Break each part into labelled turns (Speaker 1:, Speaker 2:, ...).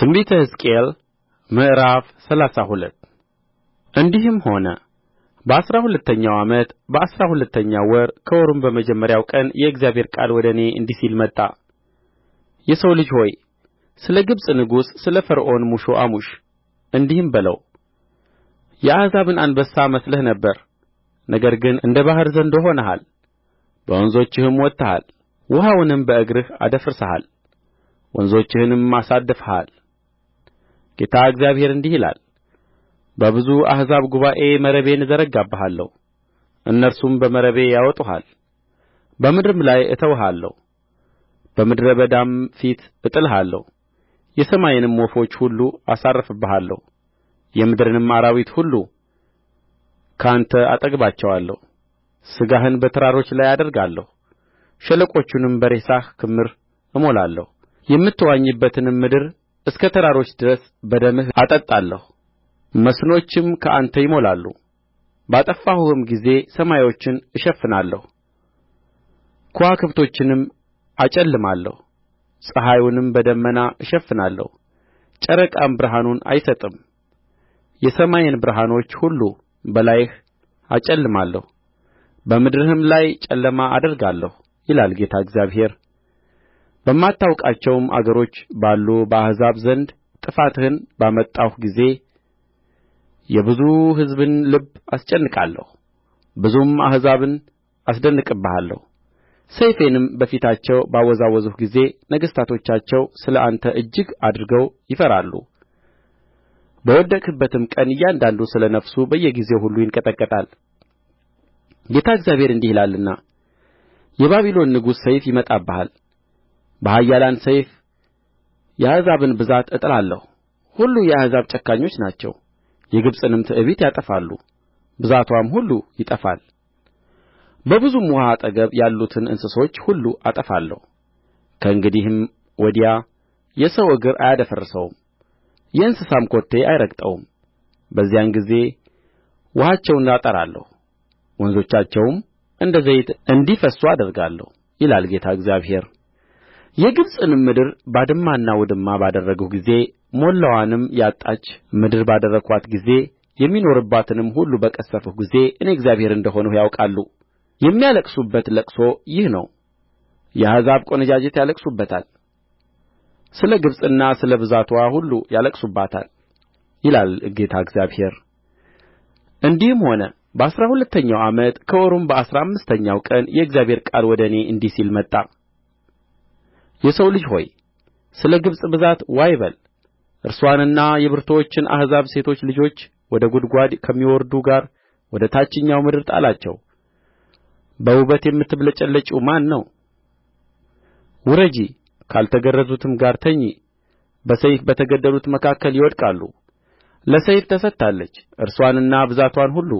Speaker 1: ትንቢተ ሕዝቅኤል ምዕራፍ ሰላሳ ሁለት እንዲህም ሆነ በአሥራ ሁለተኛው ዓመት በአሥራ ሁለተኛው ወር ከወሩም በመጀመሪያው ቀን የእግዚአብሔር ቃል ወደ እኔ እንዲህ ሲል መጣ የሰው ልጅ ሆይ ስለ ግብጽ ንጉሥ ስለ ፈርዖን ሙሾ አሙሽ እንዲህም በለው የአሕዛብን አንበሳ መስለህ ነበር ነገር ግን እንደ ባሕር ዘንዶ ሆነሃል በወንዞችህም ወጥተሃል ውኃውንም በእግርህ አደፍርሰሃል ወንዞችህንም አሳድፈሃል ጌታ እግዚአብሔር እንዲህ ይላል በብዙ አሕዛብ ጉባኤ መረቤን እዘረጋብሃለሁ እነርሱም በመረቤ ያወጡሃል በምድርም ላይ እተውሃለሁ በምድረ በዳም ፊት እጥልሃለሁ የሰማይንም ወፎች ሁሉ አሳርፍብሃለሁ የምድርንም አራዊት ሁሉ ከአንተ አጠግባቸዋለሁ ሥጋህን በተራሮች ላይ አደርጋለሁ ሸለቆቹንም በሬሳህ ክምር እሞላለሁ የምትዋኝበትንም ምድር እስከ ተራሮች ድረስ በደምህ አጠጣለሁ መስኖችም ከአንተ ይሞላሉ ባጠፋሁህም ጊዜ ሰማዮችን እሸፍናለሁ ከዋክብቶችንም አጨልማለሁ ፀሐዩንም በደመና እሸፍናለሁ ጨረቃም ብርሃኑን አይሰጥም የሰማይን ብርሃኖች ሁሉ በላይህ አጨልማለሁ በምድርህም ላይ ጨለማ አደርጋለሁ ይላል ጌታ እግዚአብሔር በማታውቃቸውም አገሮች ባሉ በአሕዛብ ዘንድ ጥፋትህን ባመጣሁ ጊዜ የብዙ ሕዝብን ልብ አስጨንቃለሁ ብዙም አሕዛብን አስደንቅብሃለሁ ሰይፌንም በፊታቸው ባወዛወዝሁ ጊዜ ነገሥታቶቻቸው ስለ አንተ እጅግ አድርገው ይፈራሉ በወደቅህበትም ቀን እያንዳንዱ ስለ ነፍሱ በየጊዜው ሁሉ ይንቀጠቀጣል ጌታ እግዚአብሔር እንዲህ ይላልና የባቢሎን ንጉሥ ሰይፍ ይመጣብሃል በኃያላን ሰይፍ የአሕዛብን ብዛት እጥላለሁ ሁሉ የአሕዛብ ጨካኞች ናቸው የግብጽንም ትዕቢት ያጠፋሉ ብዛትዋም ሁሉ ይጠፋል በብዙም ውኃ አጠገብ ያሉትን እንስሶች ሁሉ አጠፋለሁ ከእንግዲህም ወዲያ የሰው እግር አያደፈርሰውም የእንስሳም ኮቴ አይረግጠውም በዚያን ጊዜ ውኃቸውን አጠራለሁ ወንዞቻቸውም እንደ ዘይት እንዲፈስሱ አደርጋለሁ ይላል ጌታ እግዚአብሔር የግብጽንም ምድር ባድማና ውድማ ባደረግሁ ጊዜ ሞላዋንም ያጣች ምድር ባደረግኋት ጊዜ የሚኖሩባትንም ሁሉ በቀሠፍሁ ጊዜ እኔ እግዚአብሔር እንደ ሆንሁ ያውቃሉ የሚያለቅሱበት ልቅሶ ይህ ነው የአሕዛብ ቈነጃጅት ያለቅሱበታል ስለ ግብጽና ስለ ብዛትዋ ሁሉ ያለቅሱበታል ይላል ጌታ እግዚአብሔር እንዲህም ሆነ በአሥራ ሁለተኛው ዓመት ከወሩም በአሥራ አምስተኛው ቀን የእግዚአብሔር ቃል ወደ እኔ እንዲህ ሲል መጣ የሰው ልጅ ሆይ ስለ ግብጽ ብዛት ዋይ በል እርስዋንና የብርቱዎችን አሕዛብ ሴቶች ልጆች ወደ ጕድጓድ ከሚወርዱ ጋር ወደ ታችኛው ምድር ጣላቸው በውበት የምትብለጨለጪው ማን ነው ውረጂ ካልተገረዙትም ጋር ተኚ በሰይፍ በተገደሉት መካከል ይወድቃሉ ለሰይፍ ተሰጥታለች እርስዋንና ብዛትዋን ሁሉ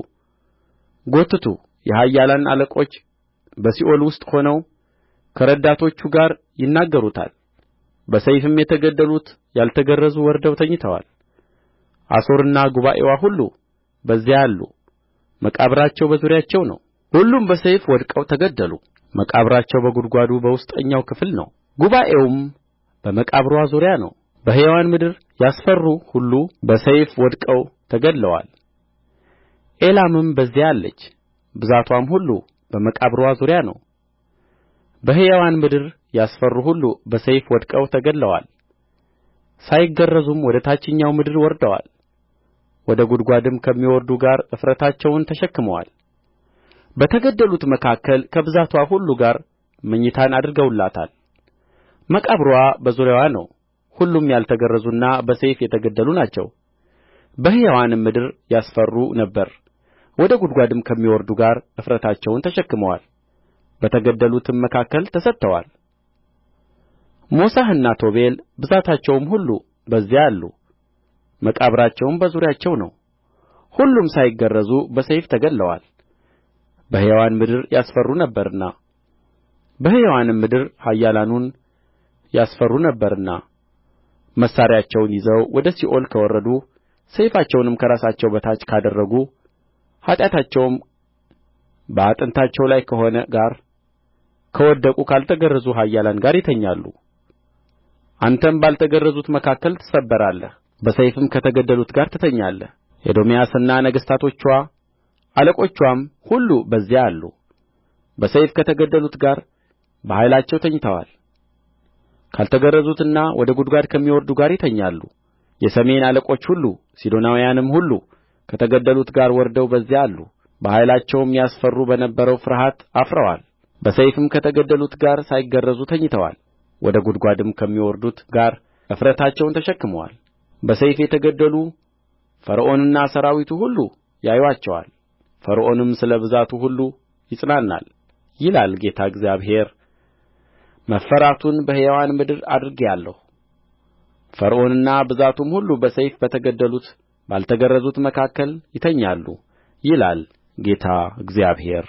Speaker 1: ጐትቱ የኃያላን አለቆች በሲኦል ውስጥ ሆነው ከረዳቶቹ ጋር ይናገሩታል በሰይፍም የተገደሉት ያልተገረዙ ወርደው ተኝተዋል አሦርና ጉባኤዋ ሁሉ በዚያ አሉ መቃብራቸው በዙሪያቸው ነው ሁሉም በሰይፍ ወድቀው ተገደሉ መቃብራቸው በጕድጓዱ በውስጠኛው ክፍል ነው ጉባኤውም በመቃብርዋ ዙሪያ ነው በሕያዋን ምድር ያስፈሩ ሁሉ በሰይፍ ወድቀው ተገድለዋል ኤላምም በዚያ አለች ብዛትዋም ሁሉ በመቃብርዋ ዙሪያ ነው በሕያዋን ምድር ያስፈሩ ሁሉ በሰይፍ ወድቀው ተገድለዋል ሳይገረዙም ወደ ታችኛው ምድር ወርደዋል ወደ ጕድጓድም ከሚወርዱ ጋር እፍረታቸውን ተሸክመዋል በተገደሉት መካከል ከብዛትዋ ሁሉ ጋር መኝታን አድርገውላታል መቃብርዋ በዙሪያዋ ነው ሁሉም ያልተገረዙና በሰይፍ የተገደሉ ናቸው በሕያዋንም ምድር ያስፈሩ ነበር ወደ ጕድጓድም ከሚወርዱ ጋር እፍረታቸውን ተሸክመዋል በተገደሉትም መካከል ተሰጥተዋል ሞሳሕና ቶቤል ብዛታቸውም ሁሉ በዚያ አሉ መቃብራቸውም በዙሪያቸው ነው ሁሉም ሳይገረዙ በሰይፍ ተገድለዋል በሕያዋን ምድር ያስፈሩ ነበርና በሕያዋንም ምድር ኃያላኑን ያስፈሩ ነበርና መሣሪያቸውን ይዘው ወደ ሲኦል ከወረዱ ሰይፋቸውንም ከራሳቸው በታች ካደረጉ ኃጢአታቸውም በአጥንታቸው ላይ ከሆነ ጋር ከወደቁ ካልተገረዙ ኃያላን ጋር ይተኛሉ አንተም ባልተገረዙት መካከል ትሰበራለህ በሰይፍም ከተገደሉት ጋር ትተኛለህ ኤዶምያስና ነገሥታቶችዋ አለቆችዋም ሁሉ በዚያ አሉ በሰይፍ ከተገደሉት ጋር በኃይላቸው ተኝተዋል ካልተገረዙትና ወደ ጕድጓድ ከሚወርዱ ጋር ይተኛሉ የሰሜን አለቆች ሁሉ ሲዶናውያንም ሁሉ ከተገደሉት ጋር ወርደው በዚያ አሉ በኃይላቸውም ያስፈሩ በነበረው ፍርሃት አፍረዋል በሰይፍም ከተገደሉት ጋር ሳይገረዙ ተኝተዋል ወደ ጕድጓድም ከሚወርዱት ጋር እፍረታቸውን ተሸክመዋል በሰይፍ የተገደሉ ፈርዖንና ሠራዊቱ ሁሉ ያዩአቸዋል ፈርዖንም ስለ ብዛቱ ሁሉ ይጽናናል ይላል ጌታ እግዚአብሔር መፈራቱን በሕያዋን ምድር አድርጌአለሁ ፈርዖንና ብዛቱም ሁሉ በሰይፍ በተገደሉት ባልተገረዙት መካከል ይተኛሉ ይላል ጌታ እግዚአብሔር